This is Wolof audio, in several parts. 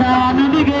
ಗಾನನಿಗೆ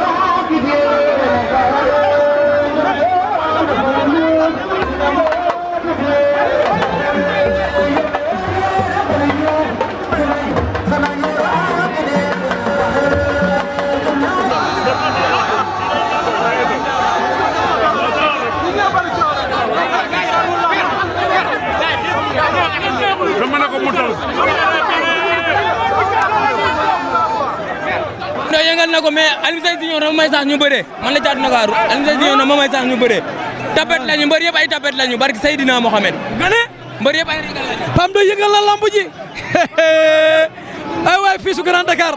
Alioune Seye Junior na ma may sax ñu bëree man la caatu Ndakaaru Alioune Seye Junior na ma may sax ñu bëree tapet lañu mbër yëpp ay tapet lañu barki Seydina Mohamed gane mbër yëpp ay ragal lañu pam do yëngal la lamb ay waay fii su Dakar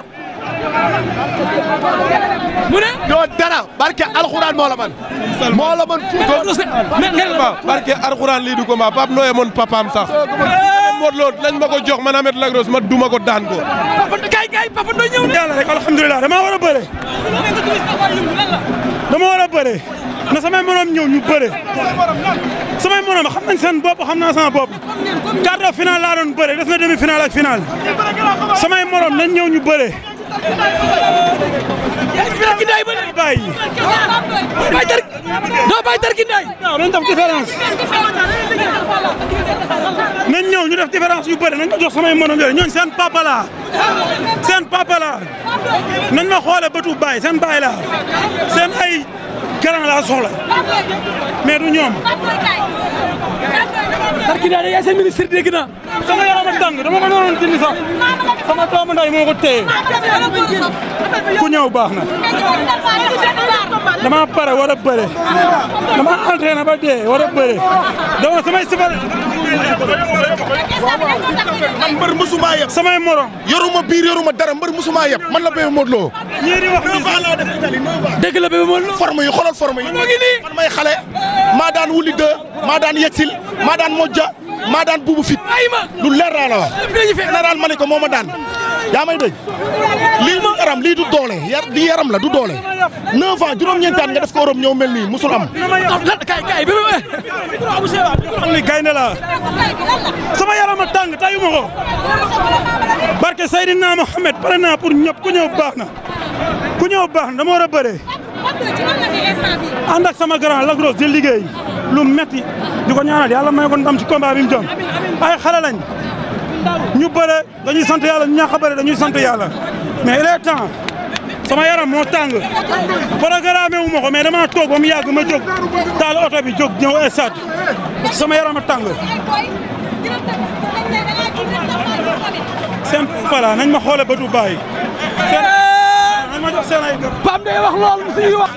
mu doo dara barke alxuraan moo la man moo la man barke alxuraan lii du ko ma pap nooye moon papaam sax Modou Lo lañ ma ko jox man Ahmed ma duma daan ko. Papa Papa Ndoye ñëw na. rek alhamdulilah damaa war a dama war a bëre. na samay moroom ñëw ñu bëre. samay moroom xam nañ seen bopp xam naa sama bopp. quart de finale laa doon bëre def na demi finale ak samay moroom nañ ñëw ñu bëre. yaa ngi fi ba bàyyi. doo ñu def différence yu bëri nañ ma jox samay morom yooyu ñooñu seen papa laa seen papa laa nañ ma xoole bëtu baay seen baay laa seen ay grand laa soxla mais du ñoom. barki daal yaay seen ministre dégg na sama yaram a tàng dama ko doon dindi moo ko téye ku ñëw baax na. dama pare war a bëre dama entraîné ba dee war a bëre donc samay sifar man mbër mësuma yeb samay morom yoruma biir yoruma dara mbër mësuma yeb man la bébé Modou Lo ñii di wax dëgg la bébé Modou Lo forme yi xoolal forme man may xale maa daan wuli de maa daan yegsil maa daan mojja maa daan buubu fit lu leer laa la wax général Maliko moo ma daan yaa may dégg lii ma aram lii du doole yar yaram la du doole neuf ans juróom-ñeenti at nga def ko Europe mel nii musul am. xam ni gaynde la sama yaram a tàng tayu ma ko barke Seydina Mohamed pare naa pour ñëpp ku ñëw baax na ku ñëw baax na dama war a bëree ànd sama grand la grosse di liggéey lu metti di ko ñaanal yàlla may ko ndam ci combat bi ay xale ñu bëre dañuy sant yàlla ñu ñàkk a bëre dañuy sant yàlla mais il est temps sama yaram moo tàng programme wu ma ko mais dama toog ba mu yàgg ma jóg taal oto bi jóg ñëw stade parce que sama yaram a tàng. seen voilà nañ ma xoolee ba du bàyyi. nañ ma jox seen ay gër. PAM day wax loolu suñuy wax.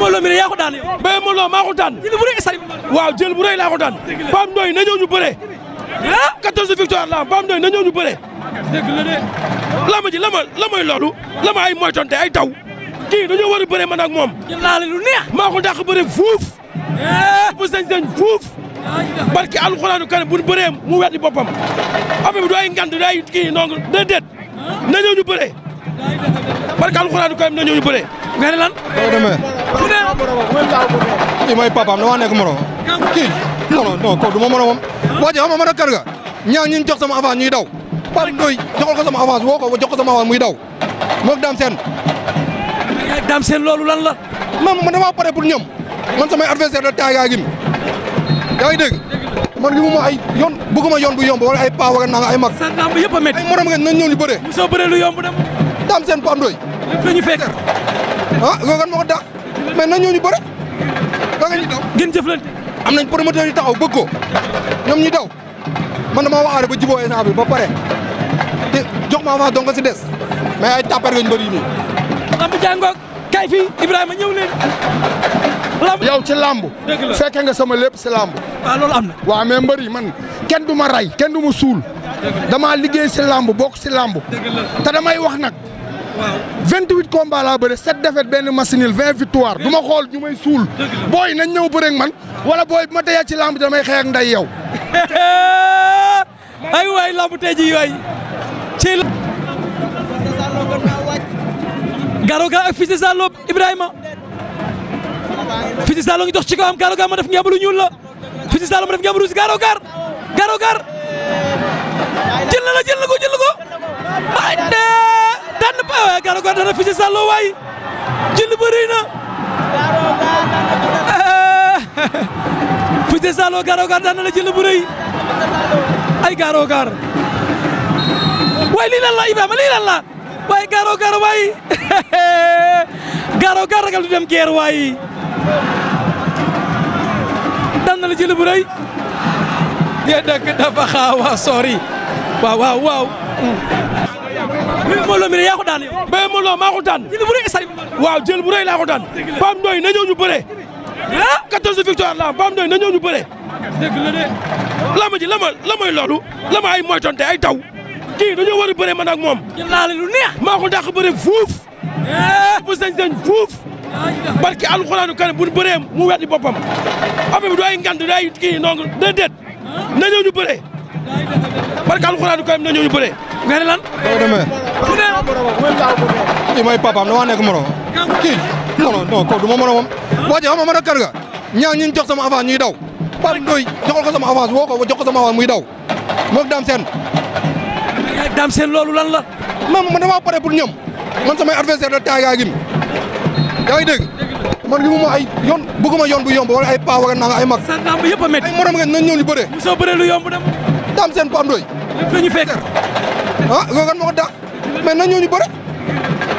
Mawlo mi de yaa ko daan yow. Mawlo maa ko daan. jël bu rëy stade bi. waaw jël bu rëy laa ko daan. PAM doy na ñëw ñu ah 14 victoire la ba am doy na ñëw ñu la de lama ji la may loolu la ma ay moytonte ay taw kii dañoo war a bëre moom. ñu laale lu neex. maa ko dàq bëre fuuf. bu ah. sañ-sañ fuuf. barki alxuraanu karim bu ñu bëree mu weddi boppam. affaire bi du ay ngand kii donc déedéet ah. na bëree. barki alxuraanu karim na ñëw bëree. nga ne lan. dama demee. mu nekk moroom. kii non non non kooku du ma mën a moom. waa ji xam nga man ak kër ga ñu jox sama avance ñuy daw. Pape Ndoye joxal ko sama avance woo ko jox ko sama avance muy moog Dame Sène. Eh, Dame Sène loolu lan la. man man damaa pare pour ñoom man samay adversaire de taay gaa gi yaa ngi dégg man li mu ma ay yoon bëgguma yoon bu yomb wala ay paa wala nanga ay mag. seen lamb yëpp a métti ay morom ngeen nañ ñëw ñu bëree. mosoo ñu fekk ah, ma ko dàq mais nañ ñëw ñu am nañ promoteur yi taxaw bëgg ko ñoom ñu daw man damaa waxaale ba jubóo instant bi ba pare te jox ma avance donc si des mais ay tàppar nga ñu bëri nii. lamb jàngoog kay fii a ñëw leen. lamb yow ci lamb. fekke nga sama lépp si lamb. waaw ah, loolu am na. waaw mais mbër man kenn du ma kenn du ma suul. damaa liggéey si lamb bokk si lamb. te damay wax nag. 28 combats laa bëre 7 défaites benn match nul 20 victoire ma xool ñu may suul. booy nañ ñëw bëre man. wala booy bu ma teyee ci lamb damay xeex ak nday yow. ay waay lamb tey ji yooyu. Garo Gare ak Fils Ibrahima. Fils de Zalo dox ci kawam Garo Gare ma def ngemb lu ñuul la. Fils de Zalo ma def ngemb lu si Garo Gare. Garo Gare. jël na la jël na ko jël na ko. ay dee. daan na Gana Goor daan na Fils de Zale Lo waay jël ba rëy la jël bu ay Gana Goor waaye lii lan la Ibrahima lii lan waaye Gana Goor waay Gana Goor ragal du dem guerre waay la jël bu rëy ya dafa xaawa sori waaw waaw waaw Modou Lo mi ne yaa ko daan yow maa ko daan jël bu rëy sa waaw jël bu rëy laa ko daan Pape Ndoye na ñëw ñu bëre ah 14 victoire la Pape Ndoye na ñëw ñu bëre ah! dégg la de lama ji lama la mooy loolu lama ay taw kii dañoo war bëre man ak moom jël naa la lu neex maa ko dàq bëre fuuf bu eh! sañ sañ fuuf barki alxuraanu karim bu bëree mu weddi boppam affaire bi du ay ngand du ay ah! bëre barki alxuraanu karim na ñëw bëre nga ne lan. boo demee. bu dee. kii mooy papaam damaa nekk moromam. kii non non kooku du ma moromam. waa ji xam nga man ak kër ga. ñaa ñu jox sama avance ñuy daw. Pape Ndoye joxal ko sama avance woo ko jox ko sama avance muy daw. moog Dame Sène. Eh, Dame Sène loolu lan la. man man damaa pare pour ñoom. man samay adversaire la taagaa gim. yaa ngi dégg. man li mu ma ay yoon bëgguma yoon bu yomb wala ay paa wala nanga ay mag. sa lamb yëpp a métti ay morom ngeen nañ ñëw ñu bëree. mosoo bëree lu yomb dem. Dame Sène Pape Ndoye. lépp la ñu fekk. ah loolu kan moo ko dàq mais na ñooñu bëre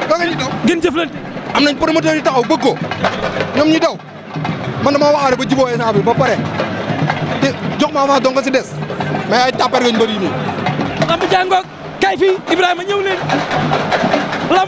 loolu la ñuy daw. ngeen jëflante. am nañ promoteur yu taxaw bëgg ko ñoom ñu daw man damaa waxaale ba jubóo instant bi ba pare te jox ma avance donc si des mais ay tapar lañ bëri yi nii. am jàngoog kay fii Ibrahima